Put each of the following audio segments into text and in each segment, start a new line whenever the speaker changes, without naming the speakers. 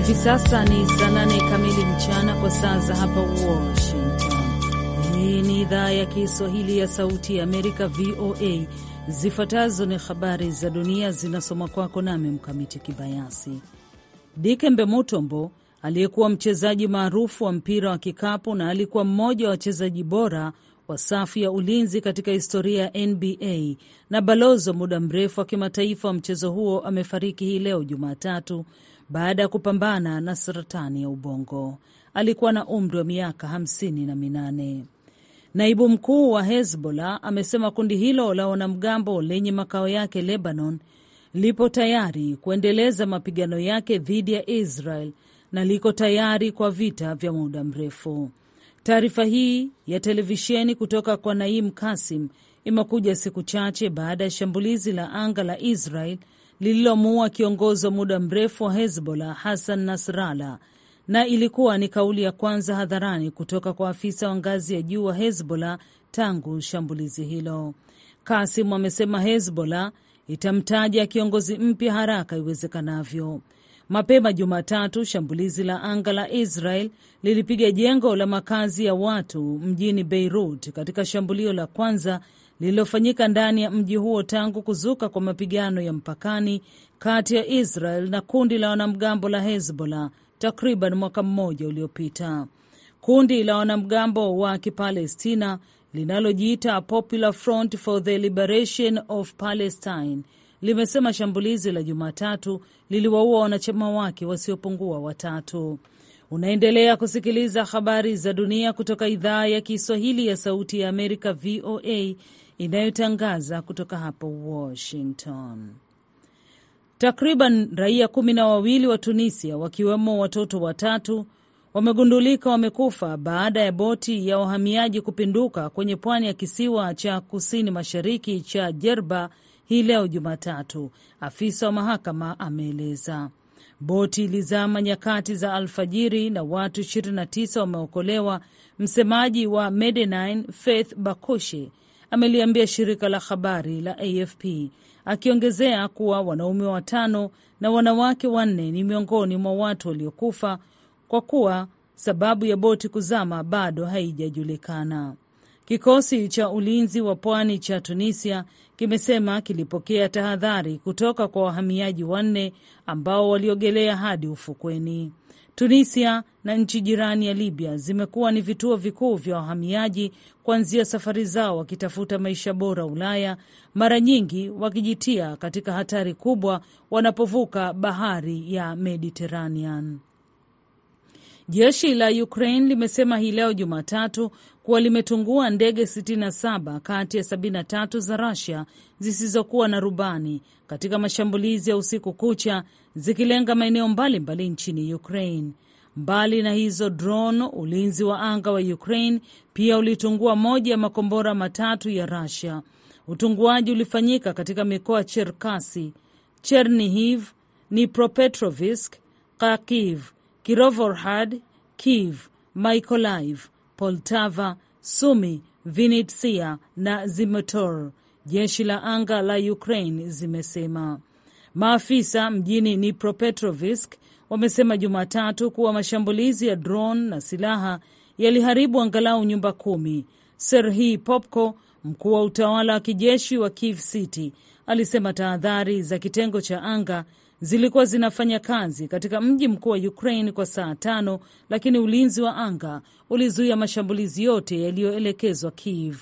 Hivi sasa ni saa nane kamili mchana kwa saa za hapa Washington. Hii ni idhaa ya Kiswahili ya Sauti ya Amerika, VOA. Zifuatazo ni habari za dunia zinasoma kwako nami Mkamiti Kibayasi. Dikembe Mutombo aliyekuwa mchezaji maarufu wa mpira wa kikapu na alikuwa mmoja wa wachezaji bora wa safu ya ulinzi katika historia ya NBA na balozi wa muda mrefu wa kimataifa wa mchezo huo amefariki hii leo Jumatatu baada ya kupambana na saratani ya ubongo. Alikuwa na umri wa miaka hamsini na minane. Naibu mkuu wa Hezbollah amesema kundi hilo la wanamgambo lenye makao yake Lebanon lipo tayari kuendeleza mapigano yake dhidi ya Israel na liko tayari kwa vita vya muda mrefu. Taarifa hii ya televisheni kutoka kwa Naim Kasim imekuja siku chache baada ya shambulizi la anga la Israel lililomuua kiongozi wa muda mrefu wa Hezbollah Hassan Nasrallah, na ilikuwa ni kauli ya kwanza hadharani kutoka kwa afisa wa ngazi ya juu wa Hezbollah tangu shambulizi hilo. Kasim amesema Hezbollah itamtaja kiongozi mpya haraka iwezekanavyo. Mapema Jumatatu, shambulizi la anga la Israel lilipiga jengo la makazi ya watu mjini Beirut katika shambulio la kwanza lililofanyika ndani ya mji huo tangu kuzuka kwa mapigano ya mpakani kati ya Israel na kundi la wanamgambo la Hezbollah takriban mwaka mmoja uliopita. Kundi la wanamgambo wa Kipalestina linalojiita Popular Front for the Liberation of Palestine limesema shambulizi la Jumatatu liliwaua wanachama wake wasiopungua watatu. Unaendelea kusikiliza habari za dunia kutoka idhaa ya Kiswahili ya Sauti ya Amerika, VOA, inayotangaza kutoka hapa Washington. Takriban raia kumi na wawili wa Tunisia, wakiwemo watoto watatu, wamegundulika wamekufa baada ya boti ya wahamiaji kupinduka kwenye pwani ya kisiwa cha kusini mashariki cha Jerba hii leo Jumatatu, afisa wa mahakama ameeleza. Boti ilizama nyakati za alfajiri na watu 29 wameokolewa. Msemaji wa Medenin Faith Bakoshe ameliambia shirika la habari la AFP, akiongezea kuwa wanaume watano na wanawake wanne ni miongoni mwa watu waliokufa kwa kuwa sababu ya boti kuzama bado haijajulikana. Kikosi cha ulinzi wa pwani cha Tunisia kimesema kilipokea tahadhari kutoka kwa wahamiaji wanne ambao waliogelea hadi ufukweni. Tunisia na nchi jirani ya Libya zimekuwa ni vituo vikuu vya wahamiaji kuanzia safari zao wakitafuta maisha bora Ulaya, mara nyingi wakijitia katika hatari kubwa wanapovuka bahari ya Mediteranean. Jeshi la Ukraine limesema hii leo Jumatatu kuwa limetungua ndege 67 kati ya 73 za Russia zisizokuwa na rubani katika mashambulizi ya usiku kucha zikilenga maeneo mbalimbali nchini Ukraine. Mbali na hizo drone, ulinzi wa anga wa Ukraine pia ulitungua moja ya makombora matatu ya Russia. Utunguaji ulifanyika katika mikoa Cherkasi, Chernihiv, Nipropetrovisk, Kharkiv, Kirovohrad, Kiev, Mykolaiv, Poltava, Sumi, Vinitsia na Zimotor, jeshi la anga la Ukraine zimesema. Maafisa mjini Nipropetrovisk wamesema Jumatatu kuwa mashambulizi ya drone na silaha yaliharibu angalau nyumba kumi. Serhii Popko, mkuu wa utawala wa kijeshi wa Kiev City, alisema tahadhari za kitengo cha anga zilikuwa zinafanya kazi katika mji mkuu wa Ukraine kwa saa tano, lakini ulinzi wa anga ulizuia mashambulizi yote yaliyoelekezwa Kiev.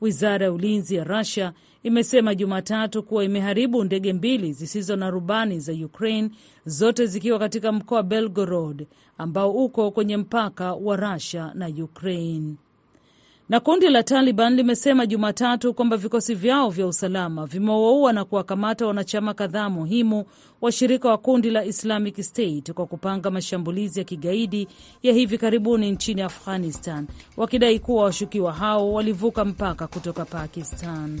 Wizara ya ulinzi ya Russia imesema Jumatatu kuwa imeharibu ndege mbili zisizo na rubani za Ukraine, zote zikiwa katika mkoa Belgorod ambao uko kwenye mpaka wa rasia na Ukraine. Na kundi la Taliban limesema Jumatatu kwamba vikosi vyao vya usalama vimewaua na kuwakamata wanachama kadhaa muhimu washirika wa kundi la Islamic State kwa kupanga mashambulizi ya kigaidi ya hivi karibuni nchini Afghanistan, wakidai kuwa washukiwa hao walivuka mpaka kutoka Pakistan.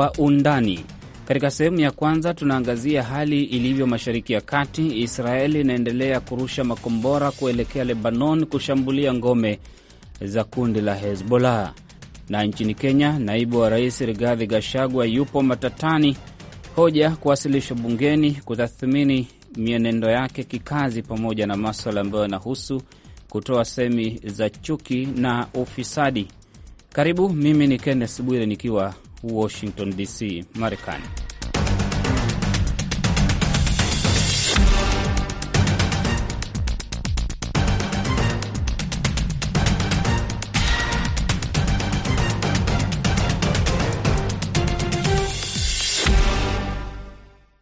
kwa undani. Katika sehemu ya kwanza tunaangazia hali ilivyo mashariki ya kati. Israeli inaendelea kurusha makombora kuelekea Lebanon kushambulia ngome za kundi la Hezbollah. Na nchini Kenya, naibu wa rais Rigathi Gachagua yupo matatani, hoja kuwasilishwa bungeni kutathmini mienendo yake kikazi, pamoja na maswala ambayo yanahusu kutoa semi za chuki na ufisadi. Karibu, mimi ni Kenneth Bwire nikiwa Washington DC, Marekani.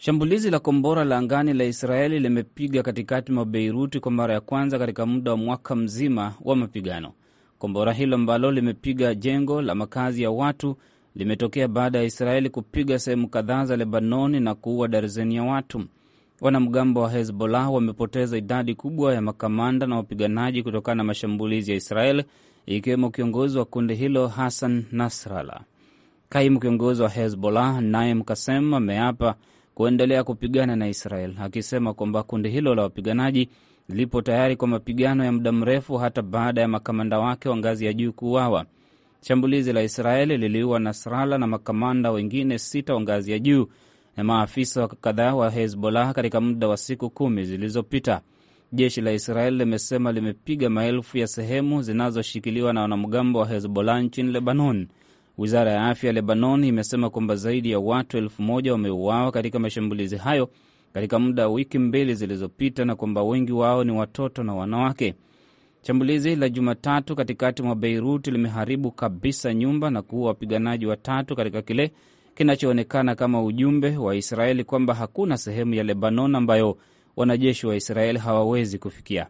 Shambulizi la kombora la angani la Israeli limepiga katikati mwa Beiruti kwa mara ya kwanza katika muda wa mwaka mzima wa mapigano. Kombora hilo ambalo limepiga jengo la makazi ya watu limetokea baada ya Israeli kupiga sehemu kadhaa za Lebanoni na kuua darzeni ya watu. Wanamgambo wa Hezbollah wamepoteza idadi kubwa ya makamanda na wapiganaji kutokana na mashambulizi ya Israeli, ikiwemo kiongozi wa kundi hilo Hassan Nasrallah. Kaimu kiongozi wa Hezbollah Naim Kasem ameapa kuendelea kupigana na Israel akisema kwamba kundi hilo la wapiganaji lipo tayari kwa mapigano ya muda mrefu hata baada ya makamanda wake wa ngazi ya juu kuuawa. Shambulizi la Israeli liliua Nasrala na makamanda wengine sita wa ngazi ya juu na maafisa kadhaa wa Hezbollah katika muda wa siku kumi zilizopita. Jeshi la Israeli limesema limepiga maelfu ya sehemu zinazoshikiliwa na wanamgambo wa Hezbollah nchini Lebanon. Wizara ya afya ya Lebanon imesema kwamba zaidi ya watu elfu moja wameuawa katika mashambulizi hayo katika muda wa wiki mbili zilizopita, na kwamba wengi wao ni watoto na wanawake. Shambulizi la Jumatatu katikati mwa Beirut limeharibu kabisa nyumba na kuua wapiganaji watatu katika kile kinachoonekana kama ujumbe wa Israeli kwamba hakuna sehemu ya Lebanon ambayo wanajeshi wa Israeli hawawezi kufikia.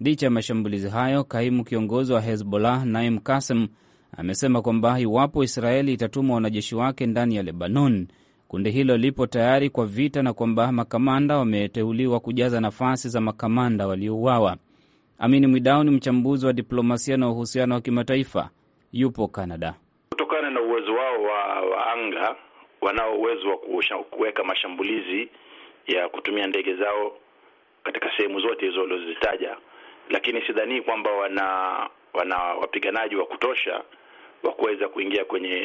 Licha ya mashambulizi hayo, kaimu kiongozi wa Hezbollah Naim Kasem amesema kwamba iwapo Israeli itatuma wanajeshi wake ndani ya Lebanon, kundi hilo lipo tayari kwa vita na kwamba makamanda wameteuliwa kujaza nafasi za makamanda waliouawa amini Mwidau ni mchambuzi wa diplomasia na uhusiano wa kimataifa, yupo Canada. Kutokana
na uwezo wao wa, wa anga, wanao uwezo wa kuweka mashambulizi ya kutumia ndege zao katika sehemu zote hizo walizozitaja, lakini sidhanii kwamba wana wana wapiganaji wa kutosha wa kuweza kuingia kwenye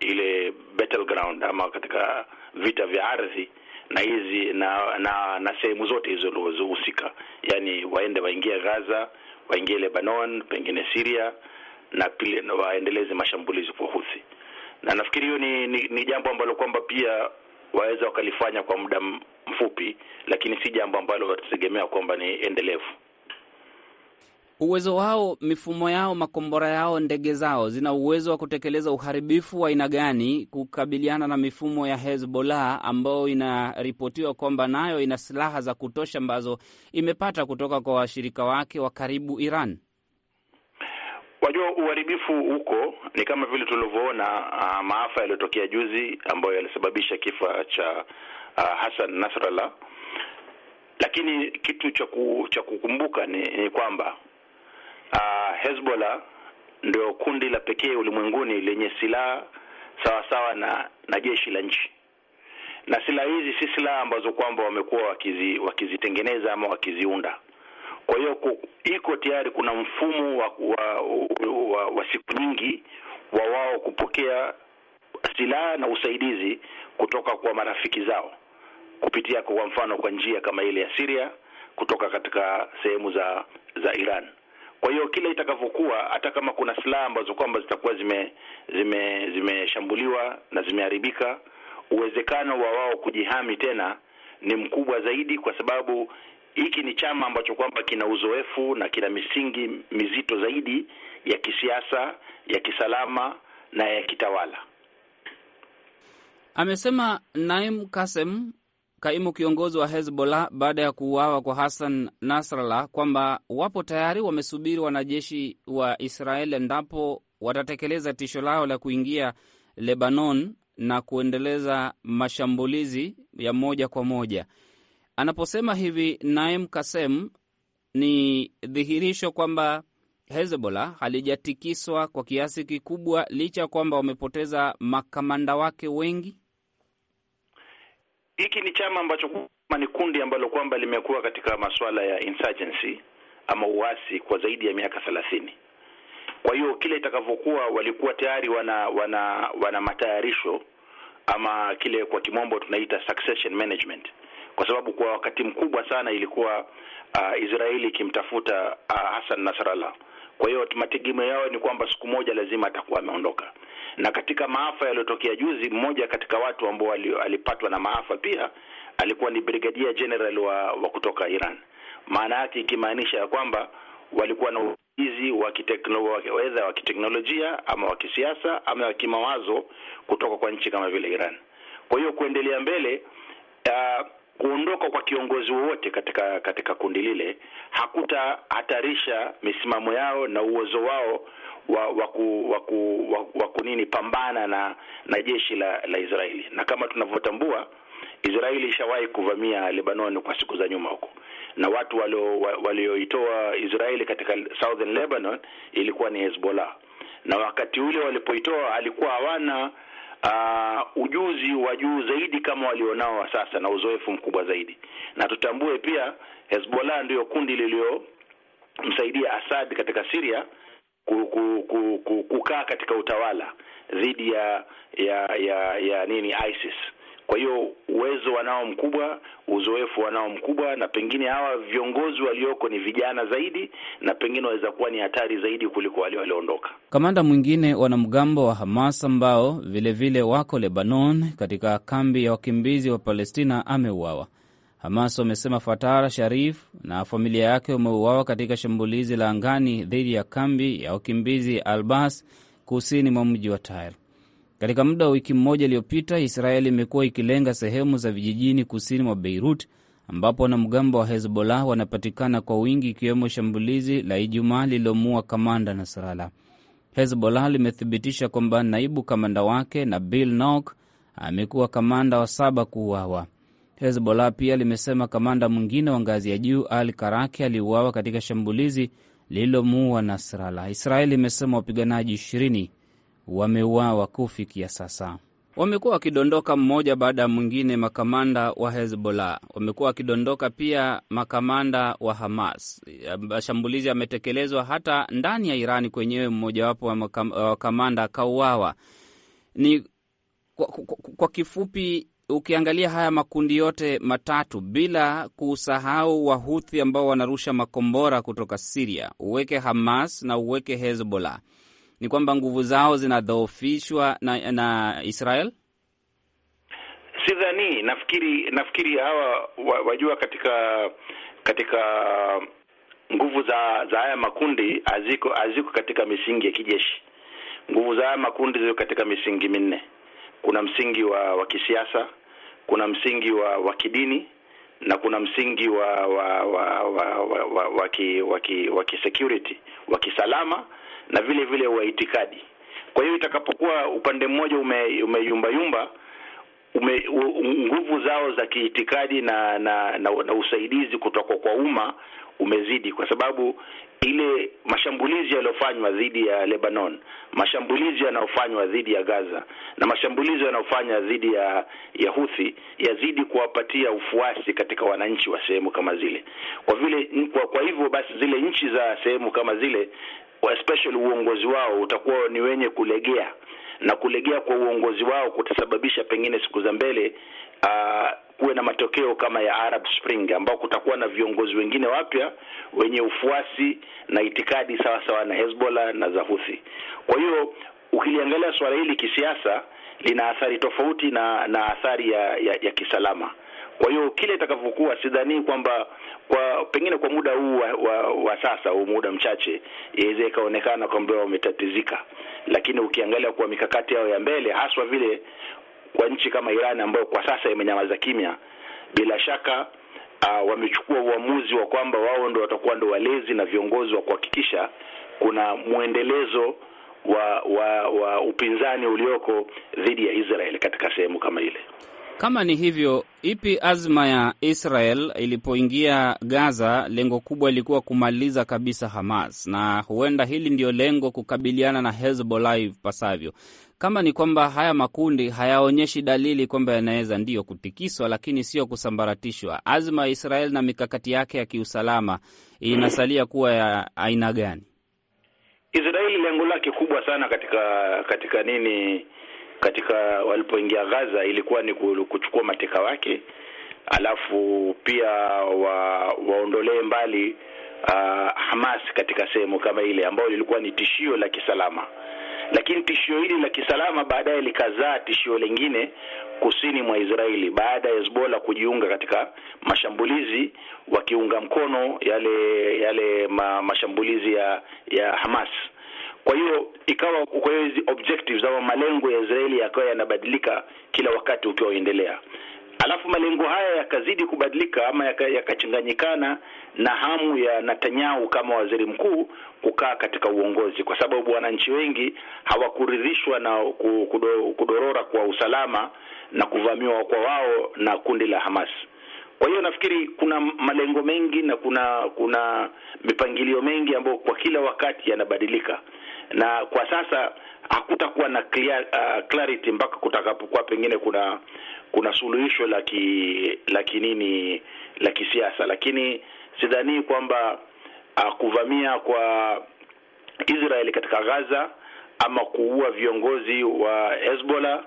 ile battleground ama katika vita vya ardhi na hizi na na, na sehemu zote hizo zilizohusika, yani waende waingie Gaza, waingie Lebanon, pengine Syria na pili, waendeleze mashambulizi kwa Houthi, na nafikiri hiyo ni, ni, ni jambo ambalo kwamba pia waweza wakalifanya kwa muda mfupi, lakini si jambo ambalo watategemea kwamba ni endelevu
uwezo wao, mifumo yao, makombora yao, ndege zao zina uwezo wa kutekeleza uharibifu wa aina gani kukabiliana na mifumo ya Hezbollah ambayo inaripotiwa kwamba nayo ina silaha za kutosha ambazo imepata kutoka kwa washirika wake wa karibu Iran?
Wajua, uharibifu huko ni kama vile tulivyoona uh, maafa yaliyotokea juzi ambayo yalisababisha kifo cha uh, Hassan Nasrallah, lakini kitu cha kukumbuka ni, ni kwamba uh, Hezbollah ndio kundi la pekee ulimwenguni lenye silaha sawa sawa na na jeshi la nchi, na silaha hizi si silaha ambazo kwamba wamekuwa wakizi, wakizitengeneza ama wakiziunda. Kwa hiyo iko tayari, kuna mfumo wa, wa, wa, wa siku nyingi wa wao kupokea silaha na usaidizi kutoka kwa marafiki zao kupitia kwa mfano kwa njia kama ile ya Syria kutoka katika sehemu za za Iran. Kwa hiyo kila itakavyokuwa, hata kama kuna silaha ambazo kwamba zitakuwa zime zime zimeshambuliwa na zimeharibika, uwezekano wa wao kujihami tena ni mkubwa zaidi, kwa sababu hiki ni chama ambacho kwamba kina uzoefu na kina misingi mizito zaidi ya kisiasa, ya kisalama na ya kitawala,
amesema Naim Kasem kaimu kiongozi wa Hezbollah baada ya kuuawa kwa Hassan Nasrallah kwamba wapo tayari wamesubiri wanajeshi wa Israel endapo watatekeleza tisho lao la kuingia Lebanon na kuendeleza mashambulizi ya moja kwa moja. Anaposema hivi Naim Kasem, ni dhihirisho kwamba Hezbollah halijatikiswa kwa kiasi kikubwa, licha ya kwamba wamepoteza makamanda wake wengi
hiki ni chama ambacho ni kundi ambalo kwamba limekuwa katika masuala ya insurgency ama uasi kwa zaidi ya miaka thelathini. Kwa hiyo kile itakavyokuwa, walikuwa tayari wana wana wana matayarisho ama kile kwa kimombo tunaita succession management, kwa sababu kwa wakati mkubwa sana ilikuwa uh, Israeli ikimtafuta uh, Hassan Nasrallah. Kwa hiyo mategemeo yao ni kwamba siku moja lazima atakuwa ameondoka. Na katika maafa yaliyotokea juzi, mmoja katika watu ambao alipatwa na maafa pia alikuwa ni brigadia general wa, wa kutoka Iran. Maana yake ikimaanisha ya kwamba walikuwa na hizi wa kiteknolojia, wa kiteknolojia ama wa kisiasa ama wa kimawazo kutoka kwa nchi kama vile Iran. Kwa hiyo kuendelea mbele uh, kuondoka kwa kiongozi wowote katika katika kundi lile hakutahatarisha misimamo yao na uwezo wao wa wa waku, waku, waku, nini pambana na na jeshi la la Israeli, na kama tunavyotambua Israeli ishawahi kuvamia Lebanon kwa siku za nyuma huko, na watu walioitoa Israeli katika Southern Lebanon ilikuwa ni Hezbollah, na wakati ule walipoitoa alikuwa hawana uh, ujuzi wa juu zaidi kama walionao wa sasa na uzoefu mkubwa zaidi, na tutambue pia Hezbollah ndiyo kundi liliyomsaidia Assad katika Syria kukaa katika utawala dhidi ya ya ya ya nini ISIS. Kwa hiyo uwezo wanao mkubwa, uzoefu wanao mkubwa, na pengine hawa viongozi walioko ni vijana zaidi, na pengine waweza kuwa ni hatari zaidi kuliko wale walioondoka.
Kamanda mwingine wanamgambo wa Hamas ambao vilevile vile wako Lebanon katika kambi ya wakimbizi wa Palestina ameuawa. Hamas wamesema Fatara Sharif na familia yake wameuawa katika shambulizi la angani dhidi ya kambi ya wakimbizi Albas kusini mwa mji wa Tair. Katika muda wa wiki mmoja iliyopita, Israeli imekuwa ikilenga sehemu za vijijini kusini mwa Beirut ambapo wanamgambo wa Hezbollah wanapatikana kwa wingi, ikiwemo shambulizi la Ijumaa lililomuua kamanda nasrala Hezbollah limethibitisha kwamba naibu kamanda wake na bill Nok amekuwa kamanda wa saba kuuawa. Hezbollah pia limesema kamanda mwingine wa ngazi ya juu Al Karaki aliuawa katika shambulizi lililomuua Nasrala. Israeli imesema wapiganaji ishirini wameuawa kufikia sasa. Wamekuwa wakidondoka mmoja baada ya mwingine, makamanda wa Hezbollah wamekuwa wakidondoka, pia makamanda wa Hamas. Mashambulizi yametekelezwa hata ndani ya Irani kwenyewe, mmojawapo wa makamanda akauawa. Ni kwa, kwa, kwa kifupi ukiangalia haya makundi yote matatu bila kusahau Wahuthi ambao wanarusha makombora kutoka Siria, uweke Hamas na uweke Hezbollah, ni kwamba nguvu zao zinadhoofishwa na, na Israel?
Sidhani, nafikiri nafikiri hawa wajua, katika katika nguvu za za haya makundi haziko haziko katika misingi ya kijeshi. Nguvu za haya makundi ziko katika misingi minne. Kuna msingi wa wa kisiasa, kuna msingi wa wa kidini na kuna msingi wa wa wa wa wa wa wa ki, wa ki, ki security wa kisalama na vile vile wa itikadi. Kwa hiyo itakapokuwa upande mmoja umeyumbayumba ume ume, nguvu zao za kiitikadi na na, na na usaidizi kutoka kwa umma umezidi, kwa sababu ile mashambulizi yaliyofanywa dhidi ya Lebanon, mashambulizi yanayofanywa dhidi ya Gaza na mashambulizi yanayofanywa dhidi ya ya yazidi kuwapatia ufuasi katika wananchi wa sehemu kama zile. Kwa vile kwa, kwa hivyo basi zile nchi za sehemu kama zile especially uongozi wao utakuwa ni wenye kulegea, na kulegea kwa uongozi wao kutasababisha pengine siku za mbele uh, kuwe na matokeo kama ya Arab Spring ambao kutakuwa na viongozi wengine wapya wenye ufuasi na itikadi sawa sawa na Hezbollah na Zahuthi. Kwa hiyo ukiliangalia suala hili kisiasa lina athari tofauti na na athari ya, ya, ya kisalama. Kwa hiyo kile itakavyokuwa, sidhani kwamba kwa pengine kwa muda huu wa, wa, wa sasa huu muda mchache iweze ikaonekana kwamba wametatizika, lakini ukiangalia kwa mikakati yao ya mbele, haswa vile kwa nchi kama Iran ambayo kwa sasa imenyamaza kimya, bila shaka uh, wamechukua uamuzi wa kwamba wao ndio watakuwa ndio walezi na viongozi wa kuhakikisha kuna mwendelezo wa, wa, wa upinzani ulioko dhidi ya Israel katika sehemu kama ile.
Kama ni hivyo, ipi azma ya Israel ilipoingia Gaza? Lengo kubwa ilikuwa kumaliza kabisa Hamas, na huenda hili ndiyo lengo, kukabiliana na Hezbollah ipasavyo. Kama ni kwamba haya makundi hayaonyeshi dalili kwamba yanaweza ndiyo kutikiswa, lakini sio kusambaratishwa, azma ya Israel na mikakati yake ya kiusalama inasalia kuwa ya aina gani?
Israeli lengo lake kubwa sana katika katika nini katika walipoingia Gaza ilikuwa ni kuchukua mateka wake, alafu pia wa, waondolee mbali uh, Hamas katika sehemu kama ile ambayo lilikuwa ni tishio la kisalama, lakini tishio hili la kisalama baadaye likazaa tishio lingine kusini mwa Israeli baada ya Hezbollah kujiunga katika mashambulizi wakiunga mkono yale yale ma, mashambulizi ya ya Hamas kwa hiyo ikawa, kwa hiyo hizi objectives au malengo ya Israeli yakawa yanabadilika kila wakati ukiwaendelea, alafu malengo haya yakazidi kubadilika ama yakachanganyikana yaka na hamu ya Netanyahu kama waziri mkuu kukaa katika uongozi, kwa sababu wananchi wengi hawakuridhishwa na kudo, kudorora kwa usalama na kuvamiwa kwa wao na kundi la Hamas. Kwa hiyo nafikiri kuna malengo mengi na kuna kuna mipangilio mengi ambayo kwa kila wakati yanabadilika na kwa sasa hakutakuwa na clear, uh, clarity mpaka kutakapokuwa pengine kuna kuna suluhisho la ki, la kinini la kisiasa, lakini sidhani kwamba uh, kuvamia kwa Israeli katika Gaza ama kuua viongozi wa Hezbollah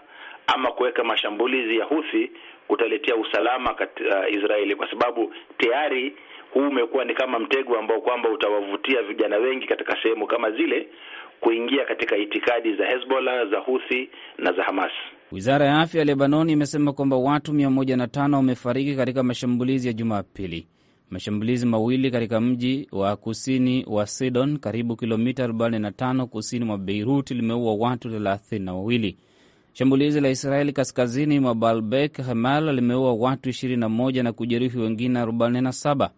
ama kuweka mashambulizi ya Houthi kutaletea usalama katika uh, Israeli, kwa sababu tayari huu umekuwa ni kama mtego ambao kwamba utawavutia vijana wengi katika sehemu kama zile kuingia katika itikadi za Hezbollah, za huthi na za Hamas.
Wizara ya afya ya Lebanon imesema kwamba watu 105 wamefariki katika mashambulizi ya Jumapili. Mashambulizi mawili katika mji wa kusini wa Sidon, karibu kilomita 45 kusini mwa Beirut, limeua watu 32. Shambulizi la Israeli kaskazini mwa Baalbek Hamal limeua watu 21 na kujeruhi wengine 47.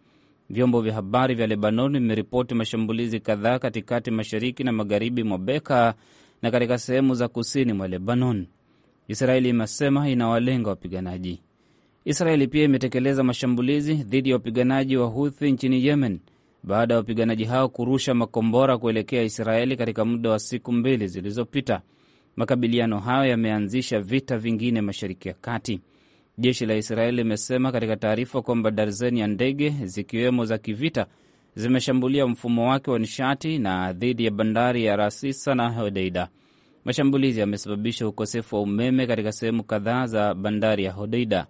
Vyombo vya habari vya Lebanon vimeripoti mashambulizi kadhaa katikati, mashariki na magharibi mwa Beka na katika sehemu za kusini mwa Lebanon. Israeli imesema inawalenga wapiganaji. Israeli pia imetekeleza mashambulizi dhidi ya wapiganaji wa Huthi nchini Yemen baada ya wapiganaji hao kurusha makombora kuelekea Israeli katika muda wa siku mbili zilizopita. Makabiliano hayo yameanzisha vita vingine mashariki ya kati. Jeshi la Israeli limesema katika taarifa kwamba darzeni ya ndege zikiwemo za kivita zimeshambulia mfumo wake wa nishati na dhidi ya bandari ya Rasisa na Hodeida. Mashambulizi yamesababisha ukosefu wa umeme katika sehemu kadhaa za bandari ya Hodeida.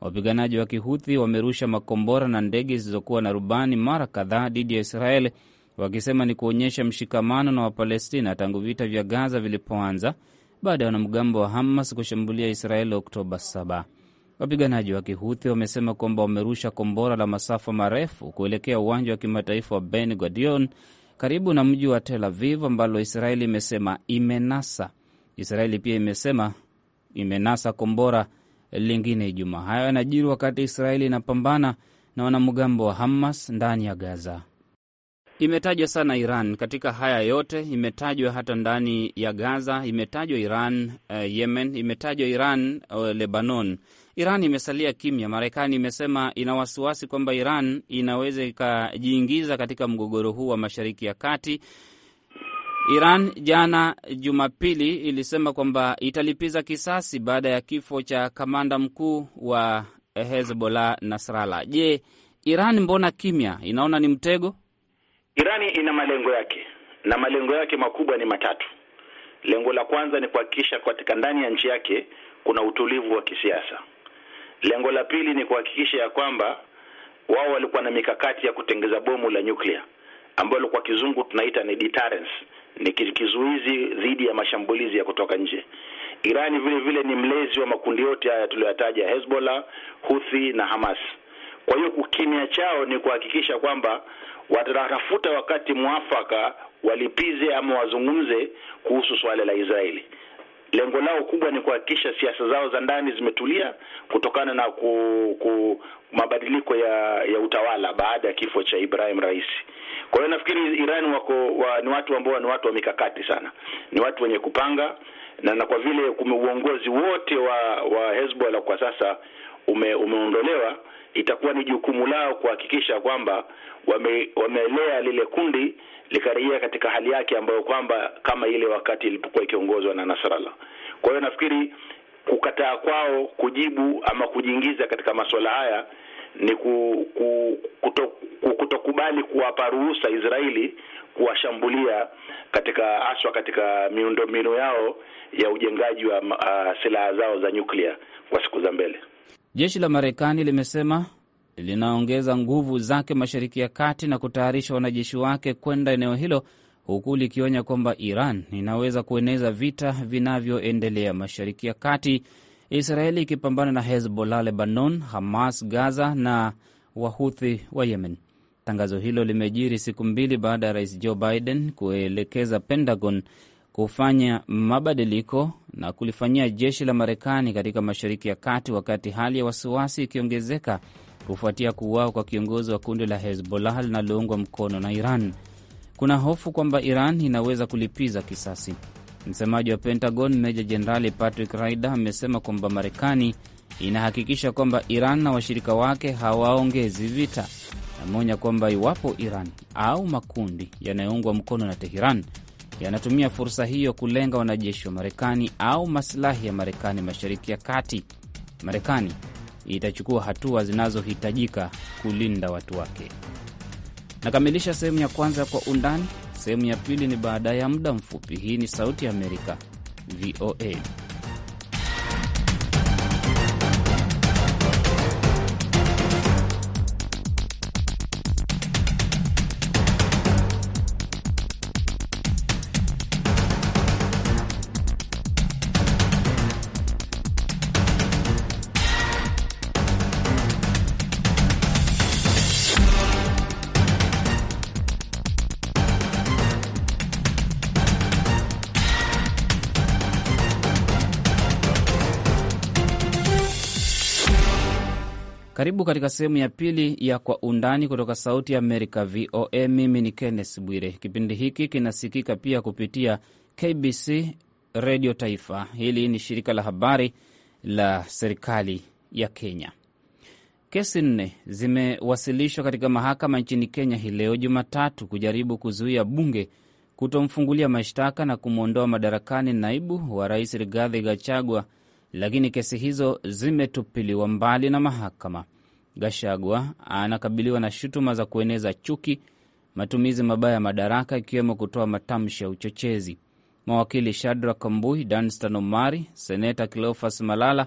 Wapiganaji wa Kihuthi wamerusha makombora na ndege zilizokuwa na rubani mara kadhaa dhidi ya Israeli, wakisema ni kuonyesha mshikamano na Wapalestina tangu vita vya Gaza vilipoanza baada ya wanamgambo wa Hamas kushambulia israel Oktoba 7. Wapiganaji wa Kihuthi wamesema kwamba wamerusha kombora la masafa marefu kuelekea uwanja wa kimataifa wa Ben Gurion karibu na mji wa Tel Aviv ambalo Israeli imesema imenasa. Israeli pia imesema imenasa kombora lingine Ijumaa. Hayo yanajiri wakati Israeli inapambana na wanamgambo wa Hamas ndani ya Gaza. Imetajwa sana Iran katika haya yote, imetajwa hata ndani ya Gaza, imetajwa Iran uh, Yemen, imetajwa Iran uh, Lebanon. Iran imesalia kimya. Marekani imesema ina wasiwasi kwamba Iran inaweza ikajiingiza katika mgogoro huu wa Mashariki ya Kati. Iran jana Jumapili ilisema kwamba italipiza kisasi baada ya kifo cha kamanda mkuu wa Hezbollah Nasrallah. Je, Iran mbona kimya? Inaona ni mtego?
iran ina malengo yake na malengo yake makubwa ni matatu. Lengo la kwanza ni kuhakikisha katika ndani ya nchi yake kuna utulivu wa kisiasa. Lengo la pili ni kuhakikisha ya kwamba wao walikuwa na mikakati ya kutengeza bomu la nyuklia ambalo kwa kizungu tunaita ni deterrence, ni kizuizi dhidi ya mashambulizi ya kutoka nje. Irani vile vile ni mlezi wa makundi yote haya tuliyoyataja, Hezbollah, Houthi na Hamas. Kwa hiyo kukimia chao ni kuhakikisha kwamba watatafuta wakati mwafaka walipize ama wazungumze kuhusu swala la Israeli, lengo lao kubwa ni kuhakikisha siasa zao za ndani zimetulia kutokana na ku, ku mabadiliko ya ya utawala baada ya kifo cha Ibrahim Raisi. Kwa hiyo nafikiri Iran wako wa, ni watu ambao ni watu wa mikakati sana, ni watu wenye kupanga na, na kwa vile kume uongozi wote wa wa Hezbollah kwa sasa ume, umeondolewa itakuwa ni jukumu lao kuhakikisha kwamba wamelea wame lile kundi likarejea katika hali yake ambayo kwamba kama ile wakati ilipokuwa ikiongozwa na Nasrallah. Kwa hiyo nafikiri kukataa kwao kujibu ama kujiingiza katika masuala haya ni ku, ku, kutokubali kuwapa ruhusa Israeli kuwashambulia katika haswa katika miundombinu yao ya ujengaji wa uh, silaha zao za nyuklia kwa siku za mbele.
Jeshi la Marekani limesema linaongeza nguvu zake Mashariki ya Kati na kutayarisha wanajeshi wake kwenda eneo hilo, huku likionya kwamba Iran inaweza kueneza vita vinavyoendelea Mashariki ya Kati, Israeli ikipambana na Hezbollah Lebanon, Hamas Gaza na Wahuthi wa Yemen. Tangazo hilo limejiri siku mbili baada ya rais Joe Biden kuelekeza Pentagon kufanya mabadiliko na kulifanyia jeshi la Marekani katika Mashariki ya Kati, wakati hali ya wasiwasi ikiongezeka kufuatia kuuawa kwa kiongozi wa kundi la Hezbollah linaloungwa mkono na Iran. Kuna hofu kwamba Iran inaweza kulipiza kisasi. Msemaji wa Pentagon meja jenerali Patrick Ryder amesema kwamba Marekani inahakikisha kwamba Iran na washirika wake hawaongezi vita. Ameonya kwamba iwapo Iran au makundi yanayoungwa mkono na Teheran yanatumia fursa hiyo kulenga wanajeshi wa Marekani au masilahi ya Marekani mashariki ya kati, Marekani itachukua hatua zinazohitajika kulinda watu wake. Nakamilisha sehemu ya kwanza kwa undani. Sehemu ya pili ni baada ya muda mfupi. Hii ni Sauti ya Amerika, VOA. Karibu katika sehemu ya pili ya Kwa Undani kutoka Sauti ya Amerika, VOA. Mimi ni Kenneth Bwire. Kipindi hiki kinasikika pia kupitia KBC Redio Taifa. Hili ni shirika la habari la serikali ya Kenya. Kesi nne zimewasilishwa katika mahakama nchini Kenya hii leo Jumatatu kujaribu kuzuia bunge kutomfungulia mashtaka na kumwondoa madarakani naibu wa rais Rigathi Gachagua lakini kesi hizo zimetupiliwa mbali na mahakama. Gashagwa anakabiliwa na shutuma za kueneza chuki, matumizi mabaya ya madaraka, ikiwemo kutoa matamshi ya uchochezi. Mawakili Shadrack Kambui, Danstan Omari, seneta Cleofas Malala,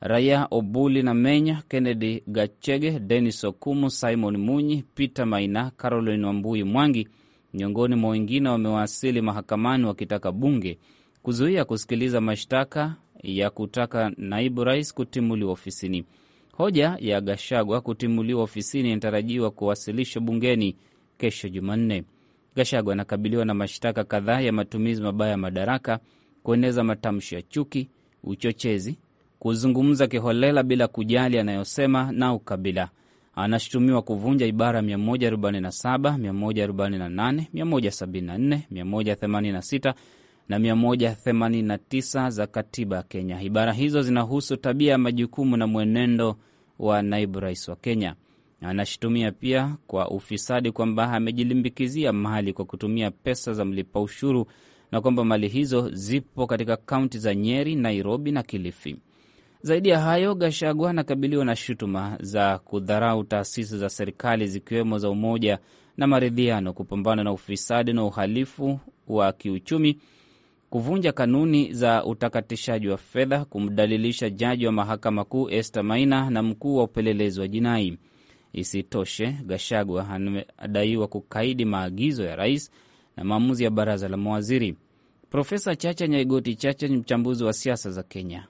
raia Obuli na Menya, Kennedy Gachege, Denis Okumu, Simon Munyi, Peter Maina, Caroline Wambui Mwangi, miongoni mwa wengine wamewasili mahakamani wakitaka bunge kuzuia kusikiliza mashtaka ya kutaka naibu rais kutimuliwa ofisini. Hoja ya Gashagwa kutimuliwa ofisini inatarajiwa kuwasilishwa bungeni kesho Jumanne. Gashagwa anakabiliwa na mashtaka kadhaa ya matumizi mabaya ya madaraka, kueneza matamshi ya chuki, uchochezi, kuzungumza kiholela bila kujali anayosema na ukabila. Anashutumiwa kuvunja ibara 147, 148, 174, 186 na 189 za katiba ya Kenya. Ibara hizo zinahusu tabia ya majukumu na mwenendo wa naibu rais wa Kenya. Anashutumia pia kwa ufisadi kwamba amejilimbikizia mali kwa kutumia pesa za mlipa ushuru na kwamba mali hizo zipo katika kaunti za Nyeri, Nairobi na Kilifi. Zaidi ya hayo, Gashagwa anakabiliwa na shutuma za kudharau taasisi za serikali zikiwemo za umoja na maridhiano, kupambana na ufisadi na uhalifu wa kiuchumi kuvunja kanuni za utakatishaji wa fedha, kumdalilisha jaji wa mahakama kuu Esther Maina na mkuu wa upelelezi wa jinai. Isitoshe, Gashagwa anadaiwa kukaidi maagizo ya rais na maamuzi ya baraza la mawaziri. Profesa Chacha Nyaigoti Chacha ni mchambuzi wa siasa za Kenya.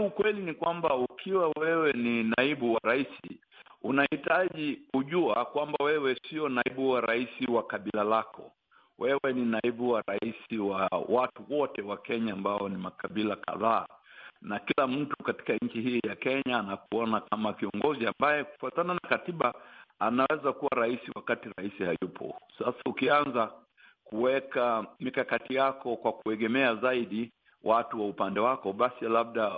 Ukweli ni kwamba ukiwa wewe ni naibu wa rais unahitaji kujua kwamba wewe sio naibu wa rais wa kabila lako wewe ni naibu wa rais wa watu wote wa Kenya ambao ni makabila kadhaa, na kila mtu katika nchi hii ya Kenya anakuona kama kiongozi ambaye kufuatana na katiba anaweza kuwa rais wakati rais hayupo. Sasa ukianza kuweka mikakati yako kwa kuegemea zaidi watu wa upande wako, basi labda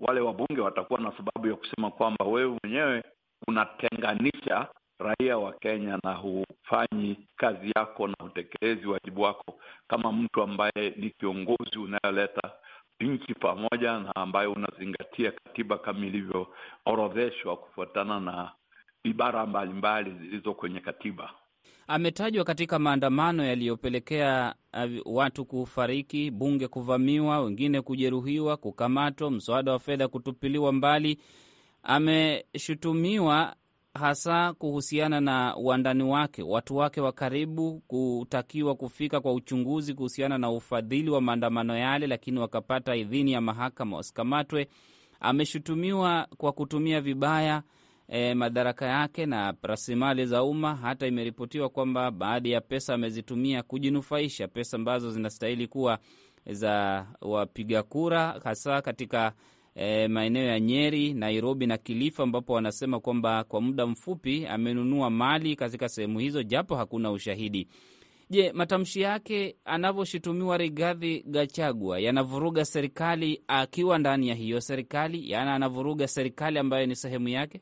wale wabunge watakuwa na sababu ya kusema kwamba wewe mwenyewe unatenganisha raia wa Kenya na hufanyi kazi yako na hutekelezi wajibu wako kama mtu ambaye ni kiongozi unayoleta nchi pamoja na ambayo unazingatia katiba kama ilivyoorodheshwa kufuatana na ibara mbalimbali zilizo kwenye katiba.
Ametajwa katika maandamano yaliyopelekea uh, watu kufariki, bunge kuvamiwa, wengine kujeruhiwa, kukamatwa, mswada wa fedha kutupiliwa mbali. Ameshutumiwa hasa kuhusiana na wandani wake, watu wake wa karibu kutakiwa kufika kwa uchunguzi kuhusiana na ufadhili wa maandamano yale, lakini wakapata idhini ya mahakama wasikamatwe. Ameshutumiwa kwa kutumia vibaya e, madaraka yake na rasilimali za umma. Hata imeripotiwa kwamba baadhi ya pesa amezitumia kujinufaisha, pesa ambazo zinastahili kuwa za wapiga kura, hasa katika e, maeneo ya Nyeri, Nairobi na Kilifi, ambapo wanasema kwamba kwa muda mfupi amenunua mali katika sehemu hizo, japo hakuna ushahidi. Je, matamshi yake anavyoshutumiwa Rigathi Gachagua yanavuruga serikali akiwa ndani ya hiyo serikali, yaani anavuruga serikali ambayo ni sehemu yake?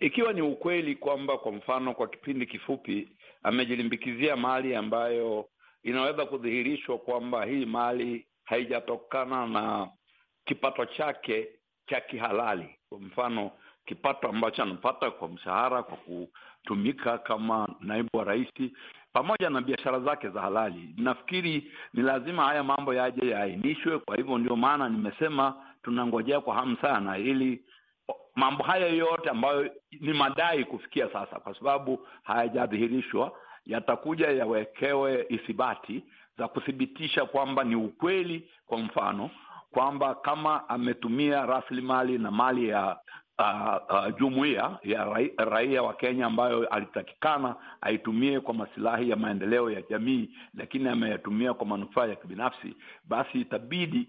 Ikiwa ni ukweli kwamba kwa mfano kwa kipindi kifupi amejilimbikizia mali ambayo inaweza kudhihirishwa kwamba hii mali haijatokana na kipato chake cha kihalali. Kwa mfano, kipato ambacho anapata kwa mshahara, kwa kutumika kama naibu wa rais, pamoja na biashara zake za halali. Nafikiri ni lazima haya mambo yaje yaainishwe. Kwa hivyo ndio maana nimesema tunangojea kwa hamu sana, ili mambo haya yote ambayo ni madai kufikia sasa, kwa sababu hayajadhihirishwa, yatakuja yawekewe ithibati za kuthibitisha kwamba ni ukweli. Kwa mfano kwamba kama ametumia rasilimali na mali ya Uh, uh, jumuiya ya raia, raia wa Kenya ambayo alitakikana aitumie kwa masilahi ya maendeleo ya jamii, lakini ameyatumia kwa manufaa ya kibinafsi, basi itabidi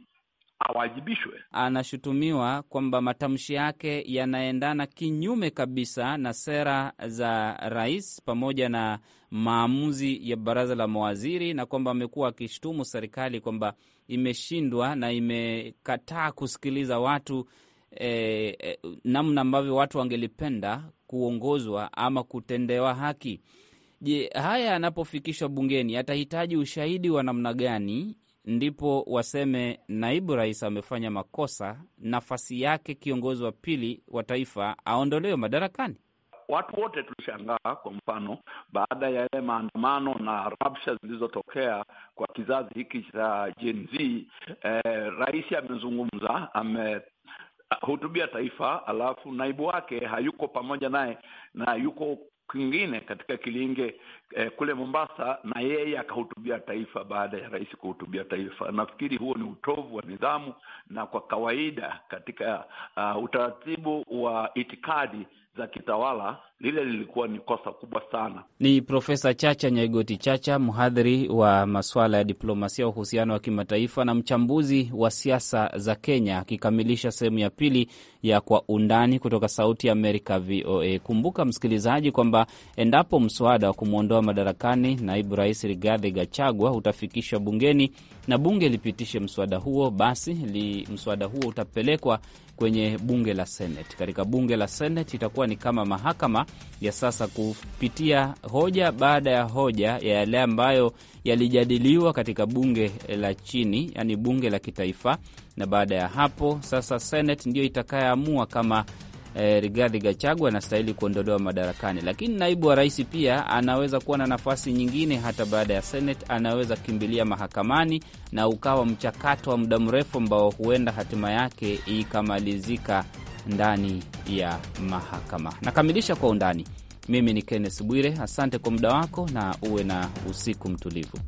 awajibishwe.
Anashutumiwa kwamba matamshi yake yanaendana kinyume kabisa na sera za rais pamoja na maamuzi ya baraza la mawaziri, na kwamba amekuwa akishutumu serikali kwamba imeshindwa na imekataa kusikiliza watu e, e, namna ambavyo watu wangelipenda kuongozwa ama kutendewa haki. Je, haya yanapofikishwa bungeni atahitaji ushahidi wa namna gani ndipo waseme naibu rais amefanya makosa, nafasi yake kiongozi wa pili wa taifa aondolewe madarakani.
Watu wote tulishangaa. Kwa mfano, baada ya yale maandamano na rabsha zilizotokea kwa kizazi hiki cha Gen Z, eh, rais amezungumza, amehutubia ah, taifa, alafu naibu wake hayuko pamoja naye na yuko kwingine katika kilinge eh, kule Mombasa, na yeye akahutubia taifa baada ya rais kuhutubia taifa. Nafikiri huo ni utovu wa nidhamu, na kwa kawaida katika uh, utaratibu wa itikadi za kitawala, lile lilikuwa ni kosa kubwa sana.
Ni Profesa Chacha Nyaigoti Chacha, mhadhiri wa masuala ya diplomasia, uhusiano wa kimataifa na mchambuzi wa siasa za Kenya, akikamilisha sehemu ya pili ya Kwa Undani kutoka Sauti ya Amerika, VOA. Kumbuka msikilizaji, kwamba endapo mswada wa kumwondoa madarakani naibu rais Rigathi Gachagua utafikishwa bungeni na bunge lipitishe mswada huo, basi mswada huo utapelekwa kwenye bunge la Seneti. Katika bunge la Seneti itakuwa itakuwa ni kama mahakama ya sasa kupitia hoja baada ya hoja ya yale ambayo yalijadiliwa katika bunge la chini, yani bunge la kitaifa, na baada ya hapo sasa Senate ndiyo itakayoamua kama eh, Rigathi Gachagua anastahili kuondolewa madarakani, lakini naibu wa rais pia anaweza kuwa na nafasi nyingine. Hata baada ya Senate anaweza kimbilia mahakamani na ukawa mchakato wa muda mrefu ambao huenda hatima yake ikamalizika ndani ya mahakama. Nakamilisha kwa undani. Mimi ni Kenneth Bwire, asante kwa muda wako na uwe na usiku mtulivu.